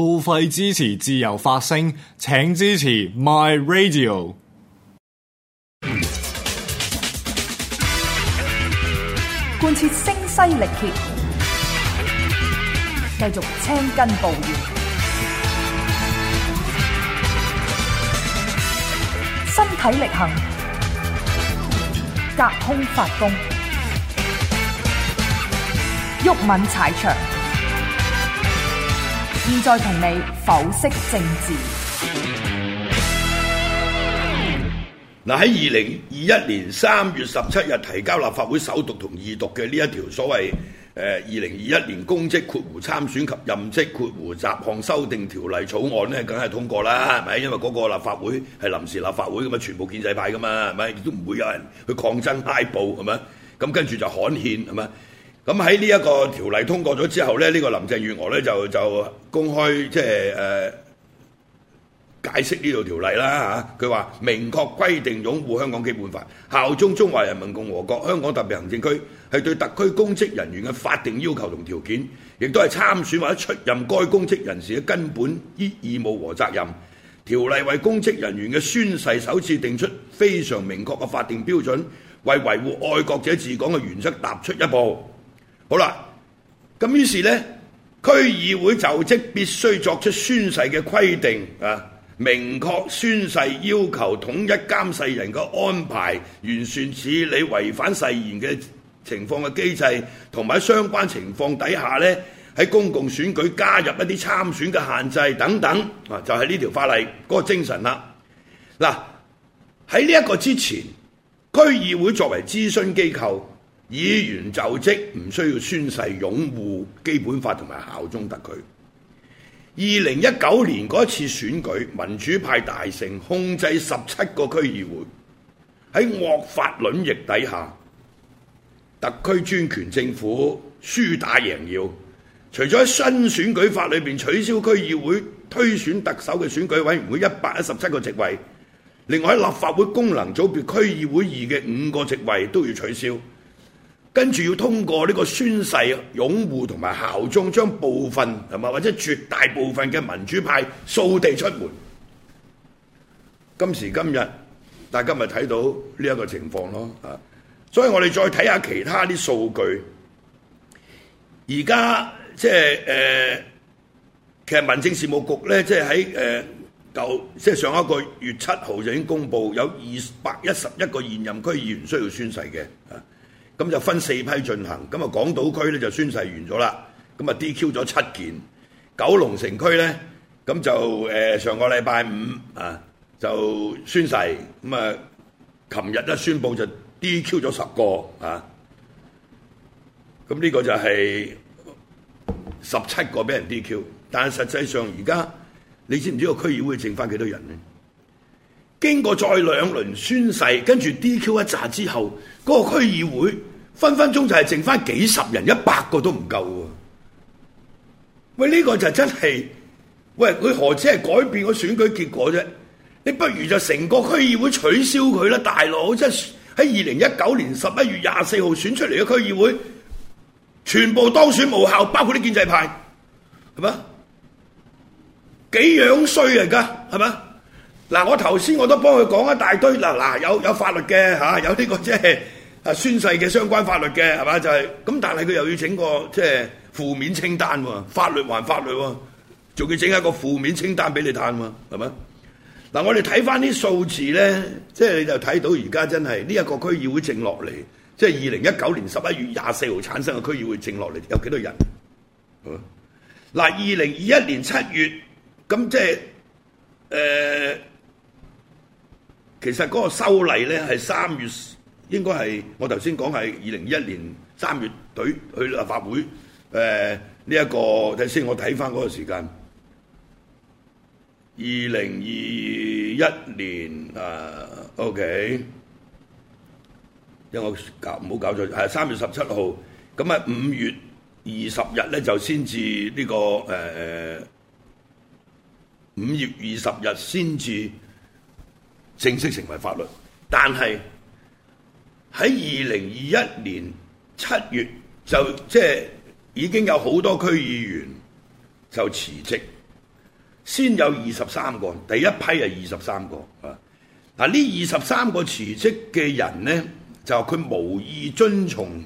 付費支持自由發聲，請支持 My Radio。貫徹聲嘶力竭，繼續青筋暴現，身體力行，隔空發功，毓民踩場。現在同你剖析政治。嗱，喺二零二一年三月十七日提交立法會首讀同二讀嘅呢一條所謂誒，二零二一年公職括弧參選及任職括弧雜項修訂條例草案呢，梗係通過啦，係咪？因為嗰個立法會係臨時立法會咁啊，全部建制派噶嘛，係咪？亦都唔會有人去抗爭拉布，係咪？咁跟住就刊憲，係咪？咁喺呢一個條例通過咗之後咧，呢個林鄭月娥咧就就公開即係誒解釋呢度條例啦嚇。佢話明確規定擁護香港基本法、效忠中華人民共和國香港特別行政區係對特區公職人員嘅法定要求同條件，亦都係參選或者出任該公職人士嘅根本義義務和責任。條例為公職人員嘅宣誓首次定出非常明確嘅法定標準，為維護愛國者治港嘅原則踏出一步。好啦，咁於是呢區議會就職必須作出宣誓嘅規定啊，明確宣誓要求、統一監誓人嘅安排、完善處理違反誓言嘅情況嘅機制，同埋相關情況底下呢，喺公共選舉加入一啲參選嘅限制等等啊，就係呢條法例嗰個精神啦。嗱、啊，喺呢一個之前，區議會作為諮詢機構。議員就職唔需要宣誓擁護基本法同埋效忠特區。二零一九年嗰次選舉，民主派大勝控制十七個區議會。喺惡法亂逆底下，特區專權政府輸打贏要。除咗喺新選舉法裏面取消區議會推選特首嘅選舉委員會一百一十七個席位，另外喺立法會功能組別區議會議嘅五個席位都要取消。跟住要通過呢個宣誓、擁護同埋效忠，將部分同埋或者絕大部分嘅民主派掃地出門。今時今日，大家咪睇到呢一個情況咯，所以我哋再睇下其他啲數據。而家即係誒，其實民政事務局呢，即係喺誒舊，即、呃、係上一個月七號就已經公佈有二百一十一個現任區議員需要宣誓嘅，啊！咁就分四批進行，咁啊港島區咧就宣誓完咗啦，咁啊 DQ 咗七件，九龍城區咧，咁就誒、呃、上個禮拜五啊就宣誓，咁啊琴日咧宣布就 DQ 咗十個啊，咁呢個就係十七個俾人 DQ，但係實際上而家你知唔知個區議會剩翻幾多人咧？經過再兩輪宣誓，跟住 DQ 一紮之後，嗰、那個區議會。分分鐘就係剩翻幾十人，一百個都唔夠喎！喂，呢個就真係，喂佢何止係改變個選舉結果啫？你不如就成個區議會取消佢啦，大佬！即係喺二零一九年十一月廿四號選出嚟嘅區議會，全部當選無效，包括啲建制派，係咪？幾樣衰人㗎？係咪？嗱，我頭先我都幫佢講一大堆，嗱嗱，有有法律嘅嚇，有呢個即係。啊宣誓嘅相關法律嘅係嘛就係、是、咁，但係佢又要整個即係、就是、負面清單喎、啊，法律還法律喎，仲、啊、要整一個負面清單俾你攤喎，係、啊、咪？嗱、啊，我哋睇翻啲數字咧，即、就、係、是、你就睇到而家真係呢一個區議會淨落嚟，即係二零一九年十一月廿四號產生嘅區議會淨落嚟有幾多人？嗱、啊，二零二一年七月咁即係誒，其實嗰個修例咧係三月。應該係我頭先講係二零一一年三月隊去立法會，誒呢一個睇先，我睇翻嗰個時間，二零二一年啊，OK，因為我搞唔好搞錯係三月十七號，咁啊五月二十日呢就先至呢個誒，五月二十日先至正式成為法律，但係。喺二零二一年七月就即係已經有好多區議員就辭職，先有二十三個，第一批係二十三個啊！嗱，呢二十三個辭職嘅人呢，就佢無意遵從，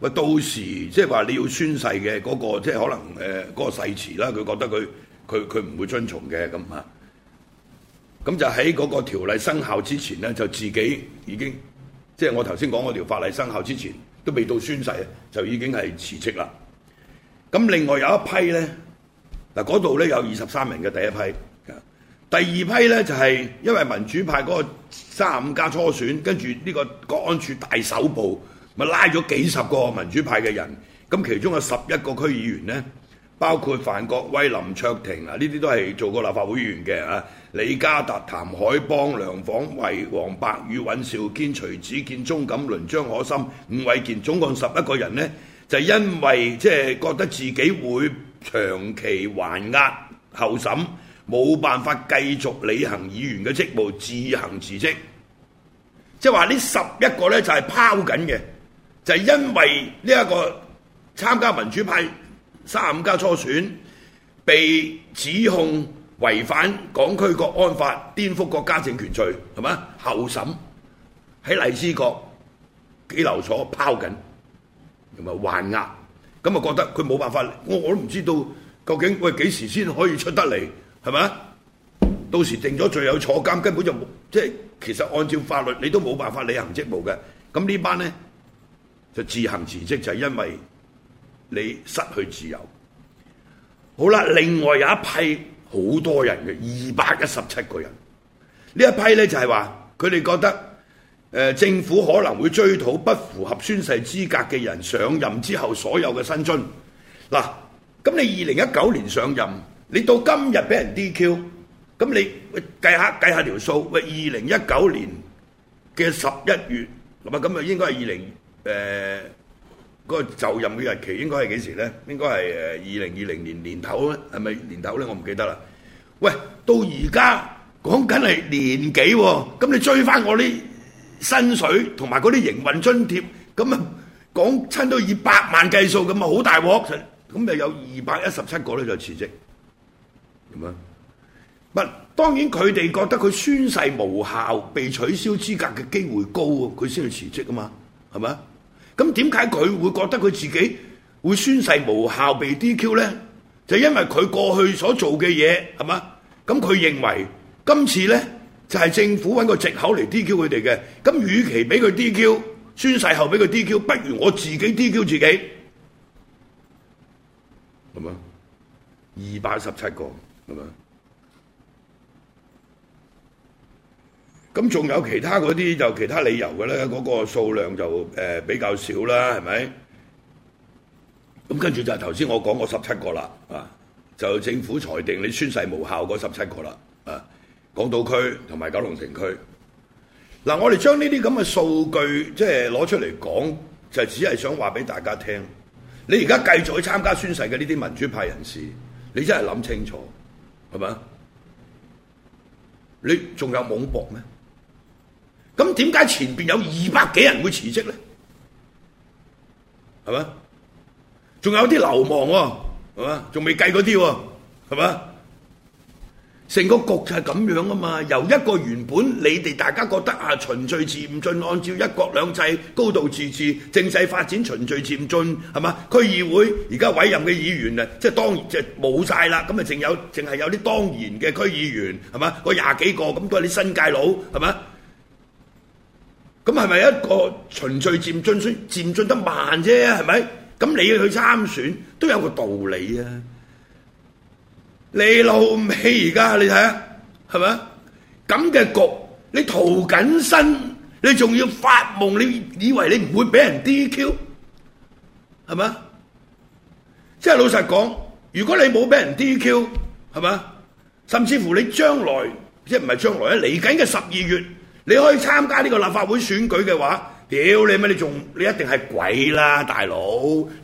到時即係話你要宣誓嘅嗰個即係可能誒嗰個誓詞啦，佢覺得佢佢佢唔會遵從嘅咁啊，咁就喺嗰個條例生效之前呢，就自己已經。即係我頭先講嗰條法例生效之前都未到宣誓，就已經係辭職啦。咁另外有一批呢，嗱，嗰度呢有二十三名嘅第一批，第二批呢，就係因為民主派嗰個三五加初選，跟住呢個國安處大搜捕咪拉咗幾十個民主派嘅人，咁其中有十一個區議員呢。包括范國威、林卓廷啊，呢啲都係做過立法會議員嘅啊。李嘉達、譚凱邦、梁晃維、黃伯、尹兆堅、徐子見、鍾錦麟、張可森、伍健偉，總共十一個人呢就係、是、因為即係、就是、覺得自己會長期還押候審，冇辦法繼續履行議員嘅職務，自行辭職。即係話呢十一個呢，就係、是、拋緊嘅，就係、是、因為呢一個參加民主派。三五家初選被指控違反港區國安法、顛覆國家政權罪，係咪？後審喺荔枝角拘留所拋緊，同埋還押，咁啊覺得佢冇辦法，我我都唔知道究竟喂幾時先可以出得嚟，係咪？到時定咗罪有坐監，根本就冇，即係其實按照法律你都冇辦法履行職務嘅。咁呢班咧就自行辭職，就係、是、因為。你失去自由。好啦，另外有一批好多人嘅二百一十七個人，呢一批呢，就係話佢哋覺得、呃，政府可能會追討不符合宣誓資格嘅人上任之後所有嘅薪津。嗱，咁你二零一九年上任，你到今日俾人 DQ，咁你計下計下條數，喂，二零一九年嘅十一月，嗱嘛，咁啊應該係二零誒。個就任嘅日期應該係幾時咧？應該係誒二零二零年年頭咧，係咪年頭咧？我唔記得啦。喂，到而家講緊係年幾喎？咁你追翻我啲薪水同埋嗰啲營運津貼，咁啊講親都以百萬計數，咁啊好大鑊。咁又有二百一十七個咧就辭職。點啊？不當然佢哋覺得佢宣誓無效，被取消資格嘅機會高，佢先去辭職啊嘛？係咪啊？咁點解佢會覺得佢自己會宣誓無效被 DQ 咧？就因為佢過去所做嘅嘢係嘛？咁佢認為今次咧就係、是、政府搵個藉口嚟 DQ 佢哋嘅。咁與其俾佢 DQ 宣誓後俾佢 DQ，不如我自己 DQ 自己。係嘛吧？二百十七個係嘛？咁仲有其他嗰啲就其他理由嘅咧，嗰個數量就誒比較少啦，係咪？咁跟住就係頭先我講嗰十七個啦，啊，就政府裁定你宣誓無效嗰十七個啦，啊，港島區同埋九龍城區。嗱，我哋將呢啲咁嘅數據即係攞出嚟講，就只係想話俾大家聽，你而家繼續去參加宣誓嘅呢啲民主派人士，你真係諗清楚，係咪？你仲有網博咩？咁點解前邊有二百幾人會辭職咧？係嘛？仲有啲流亡喎，係嘛？仲未計嗰啲喎，係嘛？成個局就係咁樣啊嘛！由一個原本你哋大家覺得啊循序漸進，按照一國兩制、高度自治、政制發展循序漸進，係嘛？區議會而家委任嘅議員啊，即係當然即係冇晒啦。咁啊，淨有淨係有啲當然嘅區議員，係嘛？嗰廿幾個咁都係啲新界佬，係嘛？咁係咪一個循序漸進先，漸進得慢啫？係咪？咁你去參選都有個道理啊！你老唔起而家，你睇下係咪？咁嘅局，你逃緊身，你仲要發夢？你以為你唔會俾人 DQ 係咪？即係老實講，如果你冇俾人 DQ 係咪？甚至乎你將來即係唔係將來咧？嚟緊嘅十二月。你可以參加呢個立法會選舉嘅話，屌你乜！你仲你一定係鬼啦，大佬！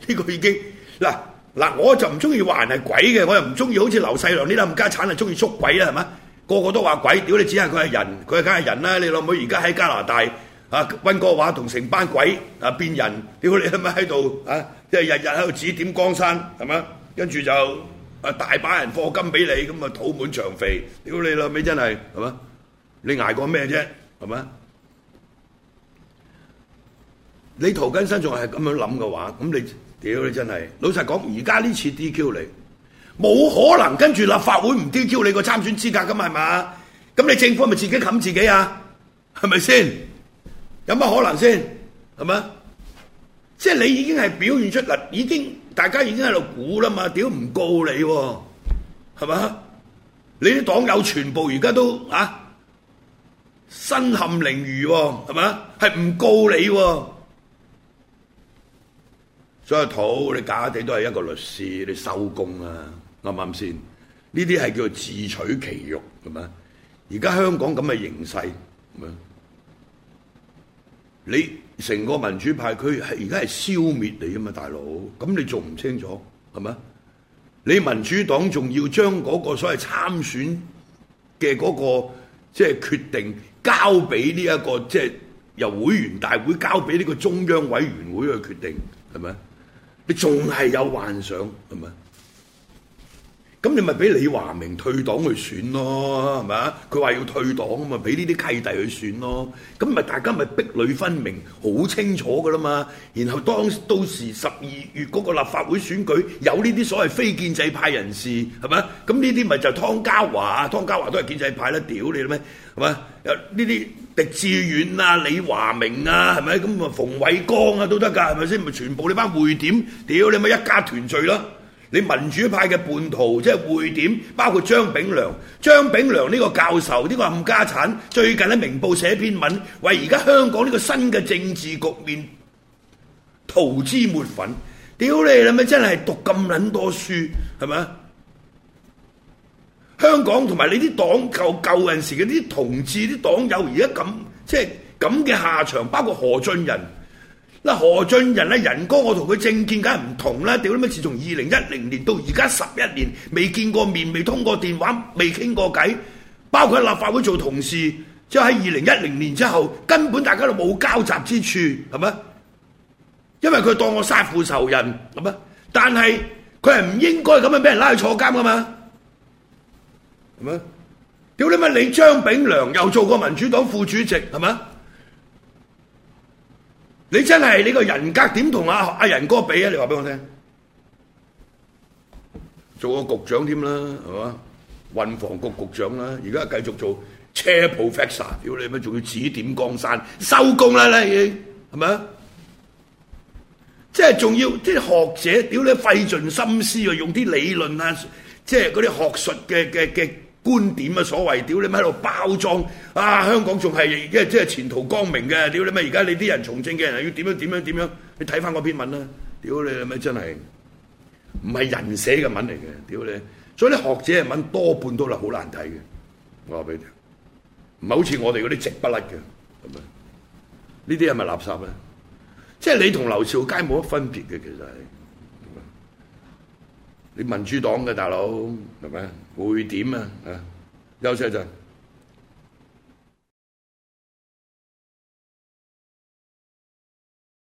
呢個已經嗱嗱，我就唔中意話人係鬼嘅，我又唔中意好似劉世良呢啲冚家產啊，中意捉鬼啦，係嘛？個個都話鬼，屌你只係佢係人，佢梗係人啦！你老母而家喺加拿大啊，溫哥華同成班鬼啊變人，屌你老咪喺度啊！即係日日喺度指點江山，係嘛？跟住就啊大把人課金俾你，咁啊肚滿腸肥，屌你老尾真係係嘛？你，你捱過咩啫？係咪？你涂謹申仲係咁樣諗嘅話，咁你屌你真係！老實講，而家呢次 DQ 你，冇可能跟住立法會唔 DQ 你個參選資格噶嘛？係嘛？咁你政府咪自己冚自己啊？係咪先？有乜可能先？係咪？即係你已經係表現出嚟，已經大家已經喺度估啦嘛？屌唔告你、啊，係嘛？你啲黨友全部而家都啊？身陷囹圄喎，係咪啊？係唔告你喎、啊？所以土，你假地都係一個律師，你收工啦，啱啱先？呢啲係叫自取其辱，係咪？而家香港咁嘅形勢，咁樣你成個民主派，佢係而家係消滅你啊嘛，大佬。咁你仲唔清楚係咪？你民主黨仲要將嗰個所謂參選嘅嗰個即係決定，交俾呢一個即係、就是、由會員大會交俾呢個中央委員會去決定，係咪？你仲係有幻想，係咪？咁你咪俾李華明退黨去選咯，係咪啊？佢話要退黨啊嘛，俾呢啲契弟去選咯。咁咪大家咪壁壘分明，好清楚噶啦嘛。然後當到時十二月嗰個立法會選舉，有呢啲所謂非建制派人士，係咪啊？咁呢啲咪就湯家驊啊，湯家驊都係建制派啦，屌你啦咩？係咪？有呢啲狄志遠啊、李華明啊，係咪？咁啊，馮偉光啊都得㗎，係咪先？咪全部你班匯點？屌你咪一家團聚啦！你民主派嘅叛徒，即係會點？包括張炳良，張炳良呢個教授呢個冚家產最近喺《明報》寫一篇文，為而家香港呢個新嘅政治局面塗脂抹粉，屌你老味真係讀咁撚多書，係咪香港同埋你啲黨舊舊陣時嗰啲同志啲黨友，而家咁即係咁嘅下場，包括何俊仁。何俊仁咧，仁哥，我同佢政見梗係唔同啦，屌你乜！自從二零一零年到而家十一年，未見過面，未通過電話，未傾過偈，包括立法會做同事，即喺二零一零年之後，根本大家都冇交集之處，係咪？因為佢當我殺父仇人，係咪？但係佢係唔應該咁樣俾人拉去坐監㗎嘛，係咪？屌你乜！你張炳良又做過民主黨副主席，係咪？你真係，你個人格點同阿阿仁哥比？你話俾我聽，做個局長添啦，係運房局局長啦，而家繼續做 chair professor 屌你咪仲要指點江山，收工啦你，已經，係咪啊？即係仲要啲學者，屌你費盡心思用啲理論啊，即係嗰啲學術嘅。觀點啊，所謂屌你咪喺度包裝啊！香港仲係即係前途光明嘅，屌你咪而家你啲人從政嘅人要點樣點樣點樣？你睇翻嗰篇文啦，屌你咪真係唔係人寫嘅文嚟嘅，屌你！所以啲學者嘅文多半都係好難睇嘅。我話俾你聽，唔係好似我哋嗰啲直不甩嘅咁樣，呢啲係咪垃圾咧？即係你同劉兆佳冇乜分別嘅其實係。你民主黨嘅大佬係咪？會點啊？啊、嗯，休息一陣。